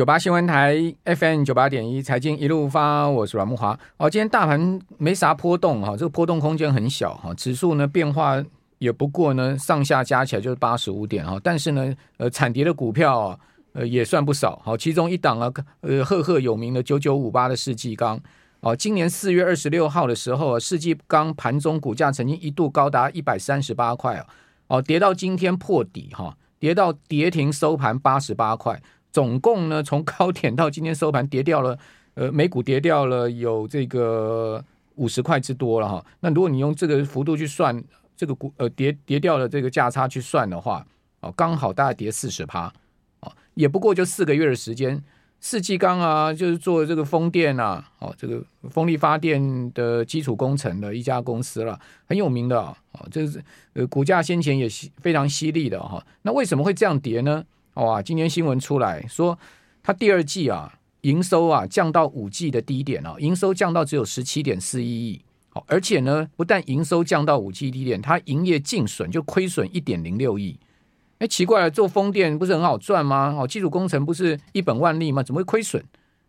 九八新聞台 FM 九八點一，財經一路發，我是阮慕驊。哦，今天大盤沒啥波動哈、哦，這個波動空間很小哈、哦，指數呢變化也不過呢上下加起來就是八十五點哈、哦。但是呢，呃，慘跌的股票、哦、呃，也算不少、哦。其中一檔啊，呃，赫赫有名的九九五八的世紀鋼哦，今年四月二十六號的時候，世紀鋼盤中股價曾經一度高達一百三十八塊哦，跌到今天破底哈、哦，跌到跌停收盤八十八塊。總共呢，從高點到今天收盤跌掉了，呃，每股跌掉了有這個五十塊之多了哈。那如果你用這個幅度去算，這個股呃跌跌掉了這個價差去算的話，哦，剛好大概跌四十趴，也不過就四個月的時間。世紀鋼啊，就是做這個風電啊，哦，這個風力發電的基礎工程的一家公司了，很有名的啊，哦，這是呃股價先前也是非常犀利的哈、哦。那為什麼會這樣跌呢？哇！今天新聞出來說，他第二季啊營收啊降到五季的低點哦、啊，營收降到只有十七點四一億。而且呢，不但營收降到五季低點，他營業淨損就虧損一點零六億。奇怪了，做風電不是很好賺嗎？哦，基礎工程不是一本萬利嗎？怎麼會虧損？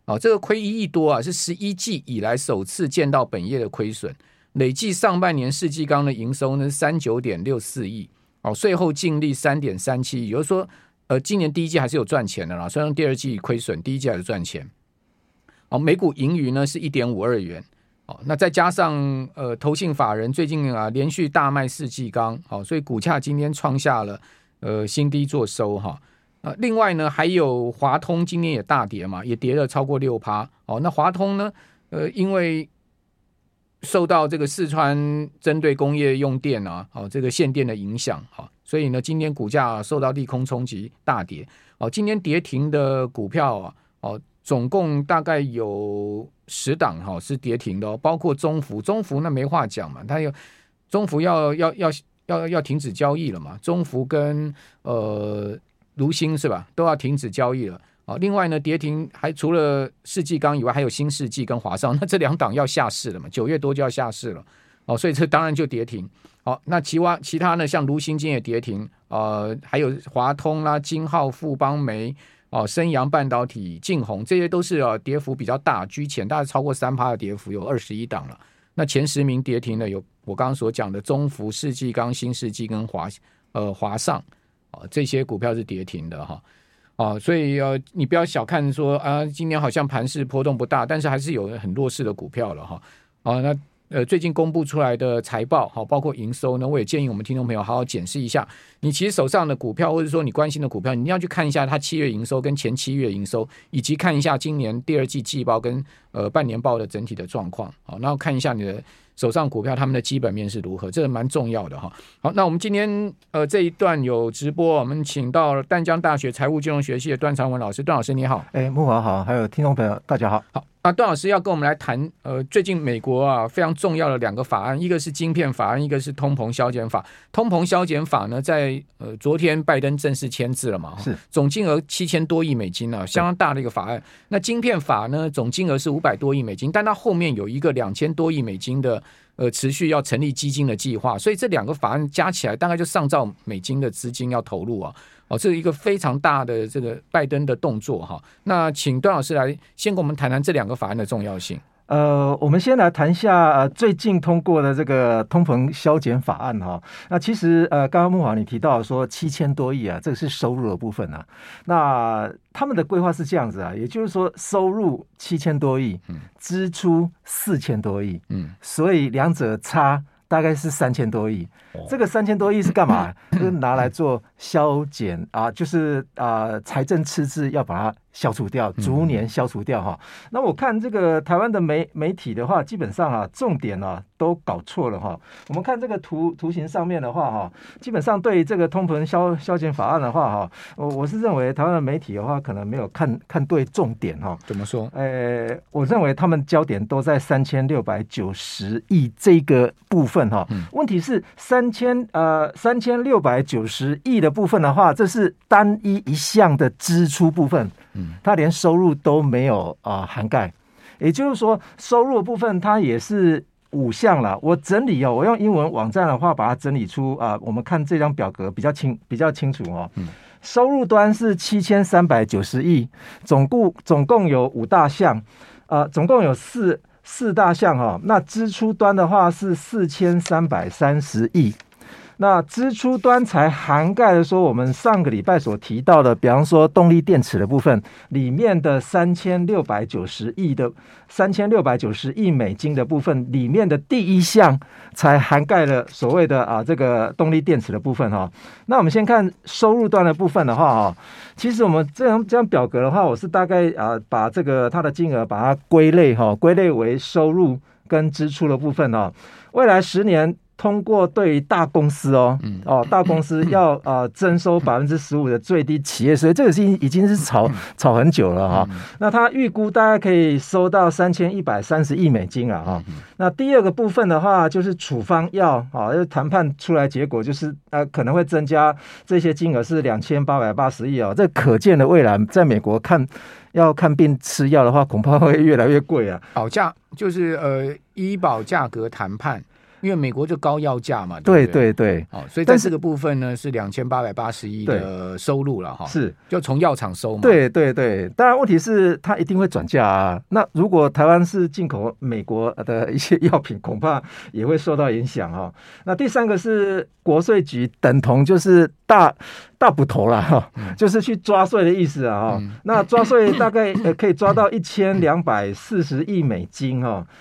哦，這個虧一億多啊，是十一季以來首次見到本業的虧損。累計上半年世紀鋼的營收呢三九點六四億哦，稅後淨利三點三七億，也就是說。呃，今年第一季還是有賺錢的啦，雖然第二季虧損，第一季還是賺錢。哦，每股盈餘呢是一點五二元。哦，那再加上呃，投信法人最近啊連續大賣四季鋼，哦，所以股價今天創下了呃新低做收哈。那、哦呃、另外呢，還有華通今年也大跌嘛，也跌了超過六趴。哦，那華通呢，呃，因為受到這個四川針對工業用電啊，哦，這個限電的影響哈、哦，所以呢，今天股價、啊、受到利空衝擊大跌哦。今天跌停的股票啊，哦，總共大概有十檔哈、哦、是跌停的、哦，包括中福。中福那沒話講嘛，它有中福要中福要要要要要停止交易了嘛。中福跟呃如新是吧，都要停止交易了。哦、另外呢，跌停還除了世紀鋼以外，還有新世紀跟華上，那這兩檔要下市了嘛？九月多就要下市了，哦，所以這當然就跌停。哦，那其他其他呢，像盧新金也跌停，呃，還有華通啦、啊、金浩、富邦媒，哦、呃，升陽半導體、晉宏，這些都是啊、呃，跌幅比較大，居前，大概超過三趴的跌幅，有二十一檔了。那前十名跌停的有我剛剛所講的中孚、世紀鋼，新世紀跟華，呃，華上，哦，這些股票是跌停的哈。哦啊、哦，所以呃，你不要小看說啊，今年好像盤勢波動不大，但是還是有很弱勢的股票了哈。啊、哦哦，那呃，最近公布出來的財報，哈、哦，包括營收呢，我也建議我們聽眾朋友好好檢視一下。你其實手上的股票，或者說你關心的股票，你一定要去看一下它七月營收跟前七月營收，以及看一下今年第二季季報跟呃半年報的整體的狀況。好、哦，然後看一下你的。手上股票他們的基本面是如何？這個蠻重要的哈。好，那我們今天呃這一段有直播，我們請到淡江大學財務金融學系的段昌文老師。段老師，你好。哎，慕驊好，還有聽眾朋友，大家好。好。啊，段老師要跟我們來談，呃，最近美國啊非常重要的兩個法案，一個是晶片法案，一個是通膨削減法。通膨削減法呢，在呃昨天拜登正式簽字了嘛？是。總金額七千多億美金啊，相當大的一個法案。那晶片法呢，總金額是五百多億美金，但它後面有一個兩千多億美金的呃持續要成立基金的計劃，所以這兩個法案加起來大概就上兆美金的資金要投入啊。哦，這是一個非常大的這個拜登的動作哈。那請段老師來先跟我們談談這兩個法案的重要性。呃，我們先來談一下最近通過的這個通膨削減法案哈。那其實呃，剛剛慕驊你提到說七千多億啊，這個是收入的部分啊。那他們的規劃是這樣子啊，也就是說收入七千多億，嗯，支出四千多億，嗯，所以兩者差。大概是三千多億，這個三千多億是幹嘛？就是拿來做削減啊，就是啊，財政赤字要把它消除掉，逐年消除掉哈、哦。那我看這個台灣的媒媒體的話，基本上啊，重點呢、啊。都搞錯了哈，我們看這個圖圖形上面的話哈，基本上對於這個通膨削削減法案的話哈，我我是認為台灣的媒體的話可能沒有看看對重點哈。怎麼說？呃，我認為他們焦點都在三千六百九十億這個部分哈。嗯。問題是三千呃三千六百九十億的部分的話，這是單一一項的支出部分。嗯。它連收入都沒有啊，呃，涵蓋，也就是說收入的部分它也是。五項了，我整理哦，我用英文網站的話把它整理出啊、呃，我們看這張表格比較清比較清楚哦。收入端是七千三百九十億，總共總共有五大項，呃，總共有四四大項哈、哦。那支出端的話是四千三百三十億。那支出端才涵蓋了，說我們上個禮拜所提到的，比方說動力電池的部分，裡面的三千六百九十億的三千六百九十億美金的部分，裡面的第一項才涵蓋了所謂的啊這個動力電池的部分哈、啊。那我們先看收入端的部分的話啊，其實我們這張這張表格的話，我是大概啊把這個它的金額把它歸類哈、啊，歸類為收入跟支出的部分哦、啊，未來十年。通過對大公司哦、嗯、哦大公司要呃徵收百分之十五的最低企業稅，嗯、所以這個是已經是炒炒很久了哈、哦嗯。那他預估大概可以收到三千一百三十億美金啊、哦嗯、那第二個部分的話就是處方藥啊，談、哦就是、談判出來結果就是呃可能會增加這些金額是兩千八百八十億哦。這可見的未來在美國看要看病吃藥的話，恐怕會越來越貴啊。保、哦、價就是呃醫保價格談判。因為美國就高藥價嘛，對對對，對對，哦、所以這四個部分呢是兩千八百八十億的收入了哈，是就從藥廠收嘛，對對對，當然問題是它一定會轉嫁啊，那如果台灣是進口美國的一些藥品，恐怕也會受到影響啊。那第三個是國稅局等同就是大。大捕頭啦，就是去抓稅的意思啊，那抓稅大概可以抓到一千兩百四十億美金。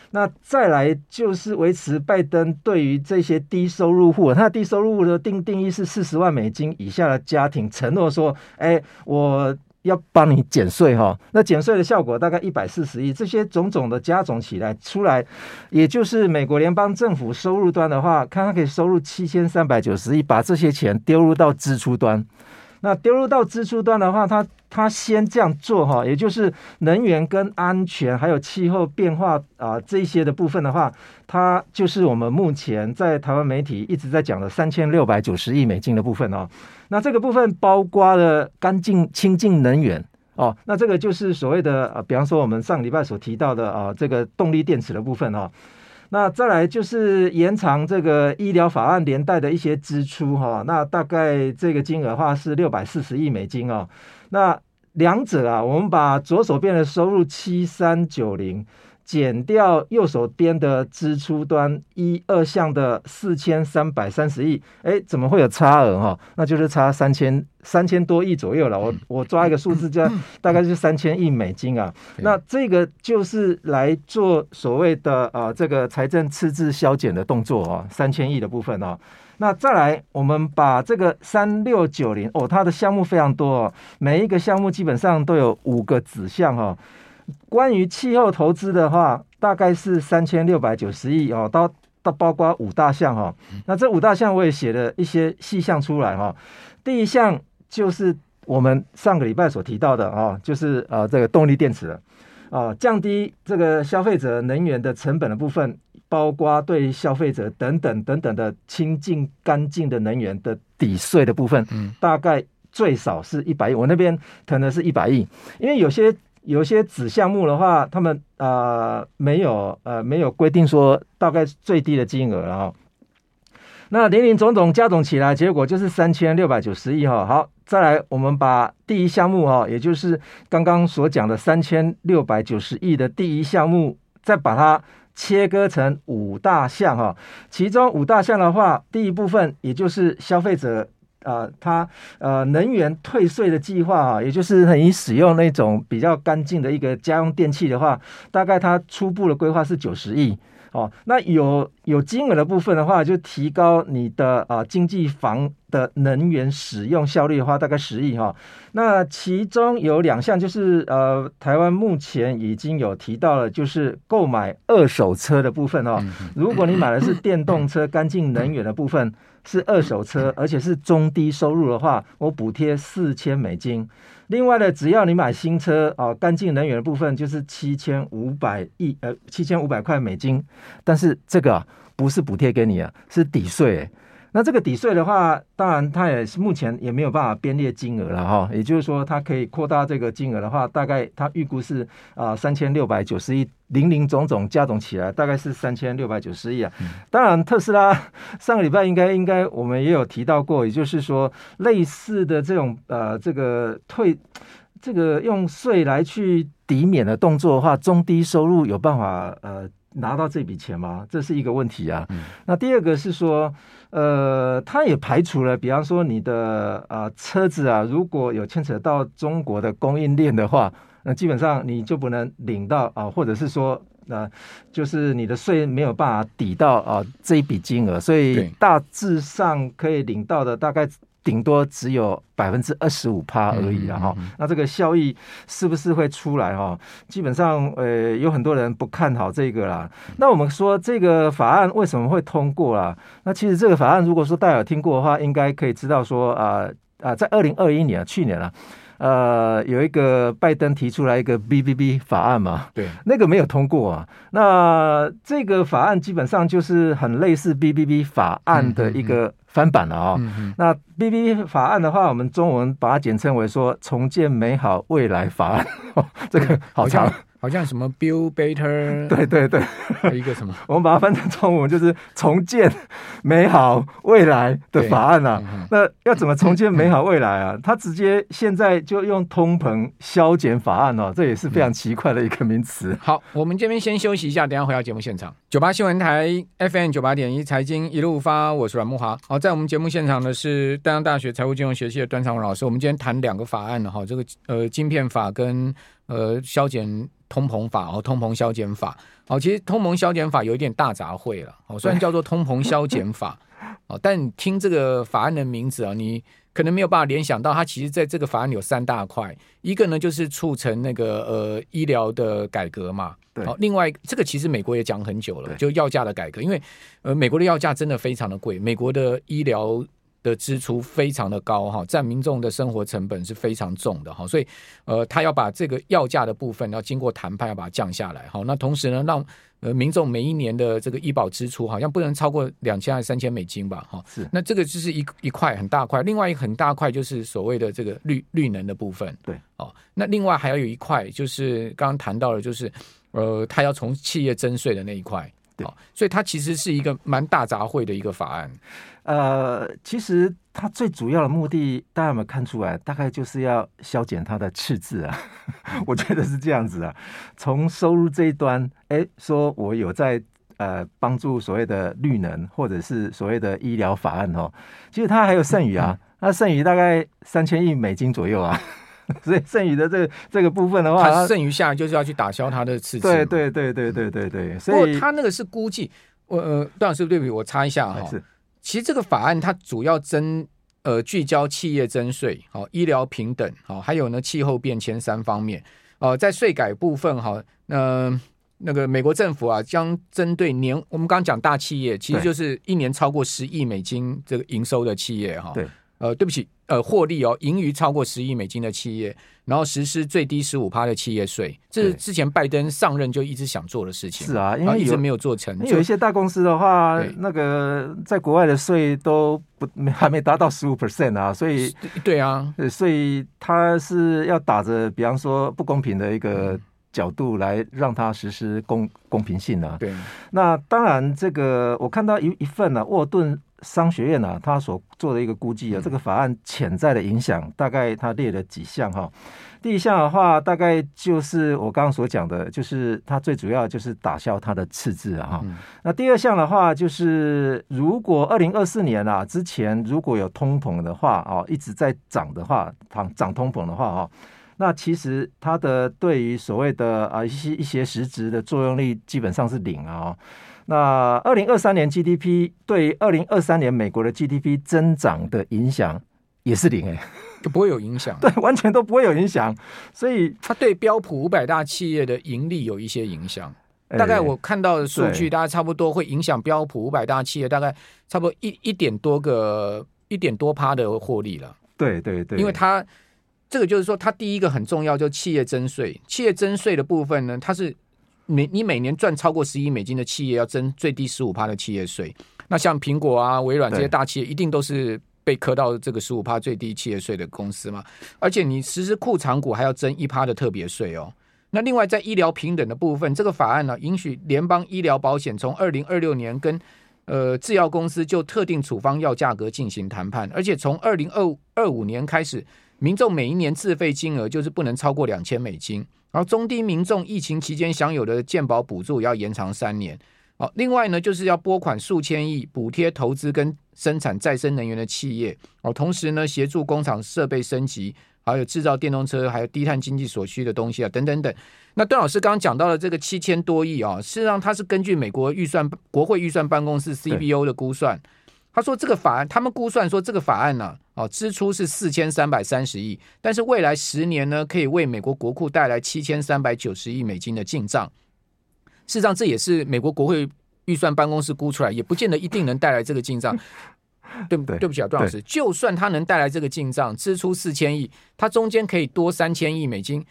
那再來就是維持拜登對於這些低收入戶，他的低收入的定定義是四十萬美金以下的家庭，承諾說，哎，我。要幫你減稅哈，那減稅的效果大概一百四十億，這些種種的加總起來出來，也就是美國聯邦政府收入端的話，看它可以收入七千三百九十億，把這些錢丟入到支出端，那丟入到支出端的話，它。他先這樣做哈，也就是能源跟安全還有氣候變化啊這一些的部分的話，它就是我們目前在台灣媒體一直在講的三千六百九十億美金的部分哦。那這個部分包括了乾淨、清淨能源哦，那這個就是所謂的呃，比方說我們上禮拜所提到的啊，這個動力電池的部分哦。那再來就是延長這個醫療法案連帶的一些支出哈，那大概這個金額的話是六百四十億美金哦。那兩者啊，我們把左手邊的收入七三九零，減掉右手邊的支出端一二項的四千三百三十億，誒、欸，怎麼會有差額哈、哦？那就是差三千三千多億左右了。我我抓一個數字，就大概是三千億美金啊。那這個就是來做所謂的啊，這個財政赤字削減的動作啊、哦，三千億的部分啊、哦。那再來，我們把這個三六九零哦，它的項目非常多哦，每一個項目基本上都有五個子項哦。關於氣候投資的話，大概是三千六百九十億哦，到到包括五大項哦。那這五大項我也寫了一些細項出來哈、哦。第一項就是我們上個禮拜所提到的哦，就是呃這個動力電池啊、呃，降低這個消費者能源的成本的部分，包括對消費者等等等等的清淨乾淨的能源的抵稅的部分、嗯，大概最少是一百億。我那邊謄的是一百億，因為有些。有些子項目的話，他們啊、呃、沒有呃沒有規定說大概最低的金額、哦，然後那林林總總加總起來，結果就是三千六百九十億哈。好，再來我們把第一項目哈、哦，也就是剛剛所講的三千六百九十億的第一項目，再把它切割成五大項哈、哦。其中五大項的話，第一部分也就是消費者。啊、呃，它呃，能源退稅的計劃啊，也就是你使用那種比較乾淨的一個家用電器的話，大概它初步的規劃是九十億哦。那有有金額的部分的話，就提高你的啊、呃、經濟房的能源使用效率的話，大概十億哈、哦。那其中有兩項就是呃，台灣目前已經有提到了，就是購買二手車的部分哦。如果你買的是電動車，乾淨能源的部分。是二手車，而且是中低收入的話，我補貼四千美金。另外呢，只要你買新車啊，乾淨能源的部分就是七千五百億，呃，七千五百塊美金，但是這個啊不是補貼給你啊，是抵稅。那這個抵稅的話，當然它也是目前也沒有辦法編列金額了哈。也就是說，它可以擴大這個金額的話，大概它預估是啊三千六百九十億，林林總總加總起來大概是三千六百九十億啊、嗯。當然，特斯拉上個禮拜應該應該我們也有提到過，也就是說，類似的這種呃這個退這個用稅來去抵免的動作的話，中低收入有辦法呃拿到這筆錢嗎？這是一個問題啊。嗯、那第二個是說。呃，他也排除了，比方說你的啊、呃、車子啊，如果有牽扯到中國的供應鏈的話，那、呃、基本上你就不能領到啊、呃，或者是說，那、呃、就是你的稅沒有辦法抵到啊、呃、這一筆金額，所以大致上可以領到的大概。頂多只有百分之二十五趴而已了，啊，哈，嗯嗯嗯，那這個效益是不是會出來哈、哦？基本上，呃，有很多人不看好這個啦。那我們說這個法案為什麼會通過啦、啊？那其實這個法案，如果說大家有聽過的話，應該可以知道說啊啊、呃呃，在二零二一年啊，去年啊，呃，有一個拜登提出來一個 BBB 法案嘛，對，那個沒有通過啊。那這個法案基本上就是很類似 BBB 法案的一個、嗯。翻版了啊、哦嗯！那 B B 法案的話，我們中文把它簡稱為說“重建美好未來法案”，哦，這個好長。嗯好像什麼 Build Better 對對對，一個什麼， 我們把它翻成中文就是重建美好未來的法案啊。那要怎麼重建美好未來啊？他直接現在就用通膨削減法案哦、啊，這也是非常奇怪的一個名詞、嗯。好，我們這邊先休息一下，等一下回到節目現場。九八新聞台 F M 九八點一財經一路發，我是阮慕驊。好，在我們節目現場的是淡江大學財務金融學系的段昌文老師。我們今天談兩個法案哈，這個呃晶片法跟呃削減。通膨法，哦，通膨削減法，哦，其實通膨削減法有一點大雜燴了，哦，雖然叫做通膨削減法，但聽這個法案的名字啊，哦，你可能沒有辦法聯想到，它其實在這個法案有三大塊，一個呢就是促成那個呃醫療的改革嘛，哦，另外這個其實美國也講很久了，就藥價的改革，因為呃美國的藥價真的非常的貴，美國的醫療。的支出非常的高哈、哦，佔民眾的生活成本是非常重的哈、哦，所以呃，他要把這個藥價的部分要經過談判，要把它降下來哈、哦。那同時呢，讓呃民眾每一年的這個醫保支出好像不能超過兩千還是三千美金吧哈、哦。是，那這個就是一一塊很大塊。另外一個很大塊就是所謂的這個綠綠能的部分。對，哦，那另外還要有一塊就是剛剛談到的就是呃，他要從企業徵稅的那一塊。哦、所以它其實是一個蠻大雜燴的一個法案，呃，其實它最主要的目的大家有沒有看出來？大概就是要削減它的赤字啊， 我覺得是這樣子啊。從收入這一端，哎、說我有在呃幫助所謂的綠能或者是所謂的醫療法案哦，其實它還有剩餘啊，那、嗯、剩餘大概三千億美金左右啊。所以剩餘的這個、這個部分的話，他剩餘下來就是要去打消他的刺激。對對對對對對對。所以，嗯，他那個是估計，我呃，段老師對不起我插一下哈，哦。其實這個法案它主要徵呃聚焦企業徵稅，好，哦，醫療平等，好，哦，還有呢氣候變遷三方面。哦，呃，在稅改部分哈，那，哦呃，那個美國政府啊將針對年我們剛剛講大企業，其實就是一年超過十億美金這個營收的企業哈，哦。對。呃，對不起。呃，獲利哦，盈餘超過十億美金的企業，然後實施最低十五趴的企業稅這是之前拜登上任就一直想做的事情。是啊，因為，然後一直沒有做成，因為有一些大公司的話，那個在國外的稅都不還沒達到十五 percent 啊，所以對啊，所以他是要打着比方說不公平的一個角度來讓它實施公公平性啊。對，那當然這個我看到一一份呢、啊，沃頓。商學院呢、啊，它所做的一個估計啊，這個法案潛在的影響，大概它列了幾項哈。第一項的話，大概就是我剛剛所講的，就是它最主要就是打消它的赤字啊。啊、嗯。那第二項的話，就是如果二零二四年啊之前如果有通膨的話啊，一直在漲的話，漲漲通膨的話啊，那其實它的對於所謂的啊一些一些實質的作用力基本上是零啊。那二零二三年 GDP 對二零二三年美國的 GDP 增長的影響也是零哎，就不會有影響、啊， 對，完全都不會有影響，所以它對標普五百大企業的盈利有一些影響。哎、大概我看到的數據，大家差不多會影響標普五百大企業，大概差不多一一點多個、一點多趴的獲利了。對對對，因為它這個就是說，它第一個很重要，就是企業徵稅，企業徵稅的部分呢，它是。你你每年賺超過十億美金的企業要徵最低十五趴的企業稅，那像蘋果啊、微軟這些大企業一定都是被磕到這個十五趴最低企業稅的公司嘛。而且你實施庫藏股還要徵一趴的特別稅哦。那另外在醫療平等的部分，這個法案呢、啊、允許聯邦醫療保險從二零二六年跟呃制藥公司就特定處方藥價格進行談判，而且從二零二二五年開始，民眾每一年自費金額就是不能超過兩千美金。然後中低民眾疫情期間享有的健保補助要延長三年，哦、啊，另外呢就是要撥款數千億補貼投資跟生產再生能源的企業，哦、啊，同時呢協助工廠設備升級，還有制造電動車，還有低碳經濟所需的東西啊，等等等。那段老師剛剛講到了這個七千多億啊，事實上它是根據美國預算國會預算辦公室 CBO 的估算。他說：“這個法案，他們估算說，這個法案呢、啊，哦，支出是四千三百三十億，但是未來十年呢，可以為美國國庫帶來七千三百九十億美金的進賬。事實上，這也是美國國會預算辦公室估出來，也不見得一定能帶來這個進賬。對不對？對不起啊，段老師，就算他能帶來這個進賬，支出四千億，他中間可以多三千億美金，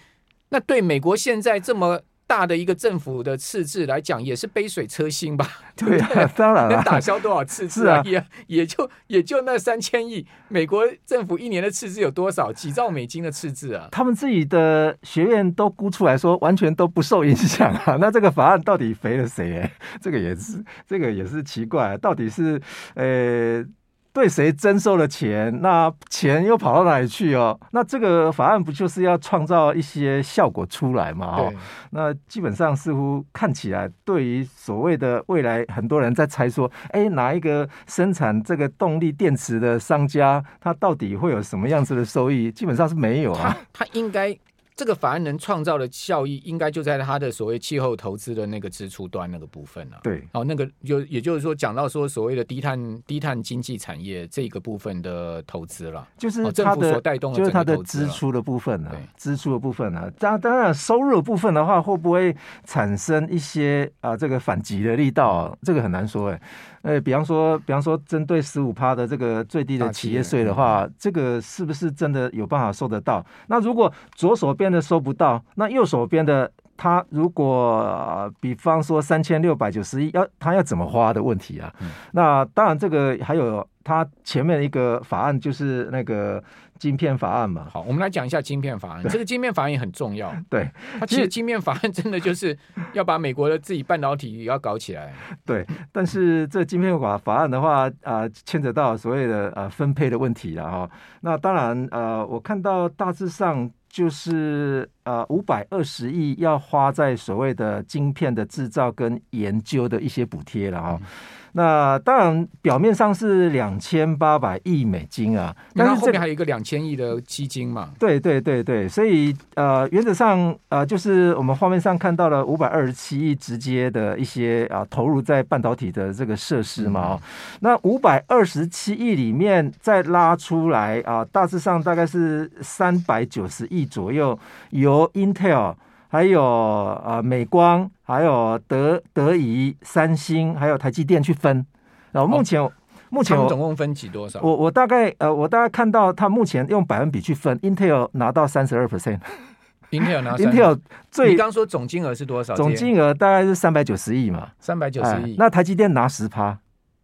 那對美國現在這麼？”大的一個政府的赤字來講，也是杯水車薪吧。對，對，當然了， 能打消多少赤字啊？啊也也就也就那三千億。美國政府一年的赤字有多少？幾兆美金的赤字啊？他們自己的學院都估出來說，完全都不受影響啊。那這個法案到底肥了誰，欸？這個也是這個也是奇怪啊，到底是呃。對誰徵收了錢？那錢又跑到哪裡去哦？那這個法案不就是要創造一些效果出來嘛、哦？對。那基本上似乎看起來，對於所謂的未來，很多人在猜說：哎，哪一個生產這個動力電池的商家，他到底會有什麼樣子的收益？基本上是沒有啊。他他應該。這個反而能創造的效益，應該就在它的所謂氣候投資的那個支出端那個部分了、啊。對，哦，那個就也就是說，講到說所謂的低碳低碳經濟產業這個部分的投資了，就是、哦、政府所帶動整投資、就是、的整個支出的部分了、啊，支出的部分了、啊。當當然，收入部分的話，會不會產生一些啊、呃、這個反擊的力道、啊？這個很難說哎、欸。欸、比方說，比方說15，針對十五趴的這個最低的企業稅的話、嗯，這個是不是真的有辦法收得到？那如果左手邊的收不到，那右手邊的他如果、呃，比方說三千六百九十一，要他要怎麼花的問題啊？嗯、那當然，這個還有他前面一個法案就是那個。晶片法案嘛，好，我們來講一下晶片法案。這個晶片法案也很重要，對。它其、啊、其實晶片法案真的就是要把美國的自己半導體也要搞起來， 對。但是這個晶片法法案的話，啊、呃，牽扯到所謂的呃分配的問題了哈。那當然呃，我看到大致上就是呃五百二十億要花在所謂的晶片的製造跟研究的一些補貼了哈。嗯那當然，表面上是兩千八百億美金啊，但是後面還有一個兩千億的基金嘛。對對對對，所以呃，原則上呃，就是我們畫面上看到了五百二十七億直接的一些啊投入在半導體的這個設施嘛。嗯。那五百二十七億裡面再拉出來啊，大致上大概是三百九十億左右，由 Intel。還有啊、呃，美光，還有德德儀三星，還有台積電去分。然後目前、哦、目前我們總共分幾多少？我我大概呃，我大概看到他目前用百分比去分，Intel 拿到三十二 percent，Intel 拿 Intel 最 你剛,剛說總金額是多少？總金額大概是三百九十億嘛，三百九十億、哎。那台積電拿十趴，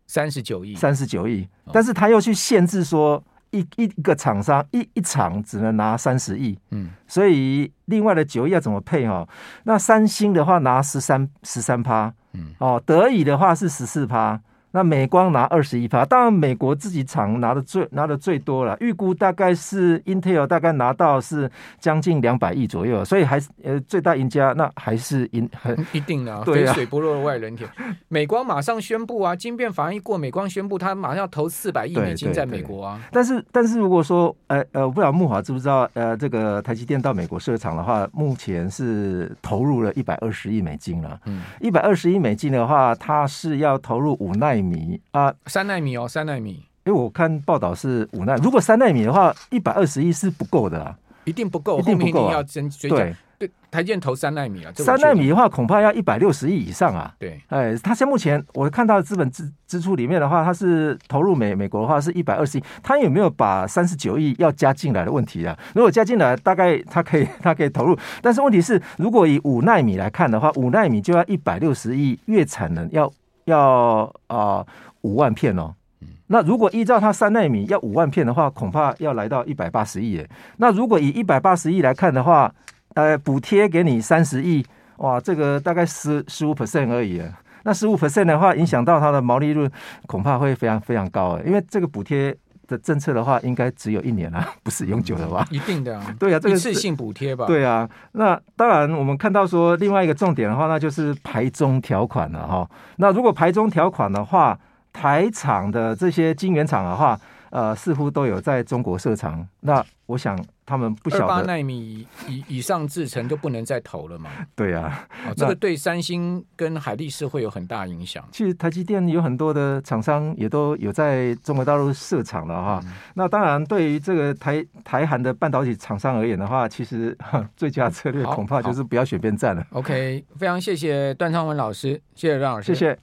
三十九億，三十九億、哦。但是他又去限制說。一一個廠商一一場只能拿三十億，嗯，所以另外的九億要怎麼配哦？那三星的話拿十三十三趴，嗯，哦，德儀的話是十四趴。那美光拿二十一趴，當然美國自己廠拿的最拿的最多了，預估大概是 Intel 大概拿到是將近兩百億左右，所以還是呃最大贏家，那還是贏，一定的啊，肥、啊、水不落，落外人田。美光馬上宣布啊，晶片法案一過，美光宣布他馬上要投四百億美金在美國啊。嗯、但是但是如果說呃呃，不知道慕驊知不知道呃，這個台積電到美國設廠的話，目前是投入了一百二十億美金了，嗯，一百二十億美金的話，它是要投入五奈。米啊，三奈米哦，三奈米。因、欸、為我看報道是五奈米，如果三奈米的話，一百二十億是不夠的啦，一定不夠，一定，一定不夠要增追加。對，台積投三奈米了，三奈米的話恐怕要一百六十億以上啊。對，哎，他現目前我看到的資本支支出裡面的話，他是投入美美國的話是一百二十億，他有沒有把三十九億要加進來的問題啊？如果加進來，大概他可以他可以投入，但是問題是，如果以五奈米來看的話，五奈米就要一百六十億，月產能要。要啊五、呃、萬片哦，那如果依照它三納米要五萬片的話，恐怕要來到一百八十億耶。那如果以一百八十億來看的話，呃，補貼給你三十億，哇，這個大概十十五 percent 而已。那十五 percent 的話，影響到它的毛利率，恐怕會非常非常高。因為這個補貼。這政策的話，應該只有一年啊，不是永久的吧、嗯？一定的、啊， 對啊，一次性補貼吧。對啊，那當然，我們看到說另外一個重點的話，那就是排中條款了哈。那如果排中條款的話，台廠的這些晶圓廠的話。呃、似乎都有在中國設廠。那我想他們不曉得。二八納米以以上制程就不能再投了嘛。 對啊、哦，這個對三星跟海力士會有很大影響。其實台積電有很多的廠商也都有在中國大陸設廠了哈。嗯、那當然，對於這個台台韓的半導體廠商而言的話，其實最佳策略恐怕就是不要選邊站了。OK，非常謝謝段昌文老師，謝謝段老師，謝謝。